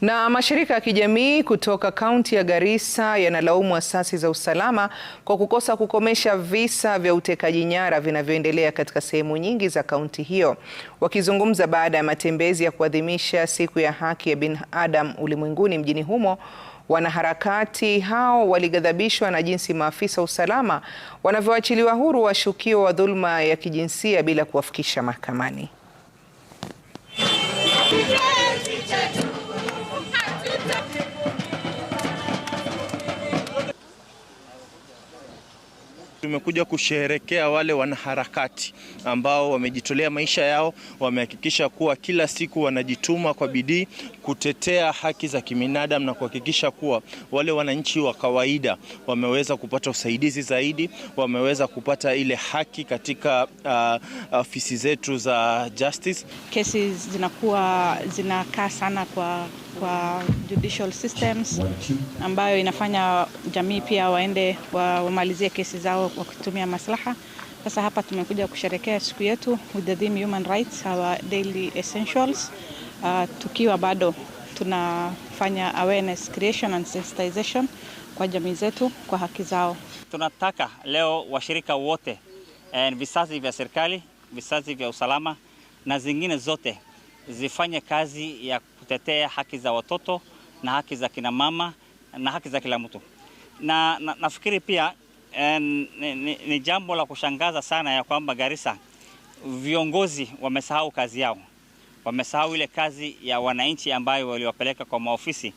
Na mashirika ya kijamii kutoka kaunti ya Garissa yanalaumu asasi za usalama kwa kukosa kukomesha visa vya utekaji nyara vinavyoendelea katika sehemu nyingi za kaunti hiyo. Wakizungumza baada ya matembezi ya kuadhimisha siku ya haki ya binadamu ulimwenguni mjini humo, wanaharakati hao walighadhabishwa na jinsi maafisa usalama wanavyoachiliwa huru washukiwa wa dhuluma ya kijinsia bila kuwafikisha mahakamani. Tumekuja kusherekea wale wanaharakati ambao wamejitolea maisha yao, wamehakikisha kuwa kila siku wanajituma kwa bidii kutetea haki za kibinadamu na kuhakikisha kuwa wale wananchi wa kawaida wameweza kupata usaidizi zaidi, wameweza kupata ile haki katika uh, ofisi zetu za justice. Kesi zinakuwa zinakaa sana kwa kwa judicial systems ambayo inafanya jamii pia waende wamalizie kesi zao kutumia maslaha. Sasa hapa tumekuja kusherekea siku yetu with the theme human rights our daily essentials, uh, tukiwa bado tunafanya awareness creation and sensitization kwa jamii zetu kwa haki zao. Tunataka leo washirika wote visazi vya serikali, visazi vya usalama na zingine zote zifanye kazi ya kutetea haki za watoto na haki za kinamama na haki za kila mtu, na nafikiri na pia Eh, ni, ni, ni jambo la kushangaza sana ya kwamba Garissa viongozi wamesahau kazi yao, wamesahau ile kazi ya wananchi ambayo waliwapeleka kwa maofisi.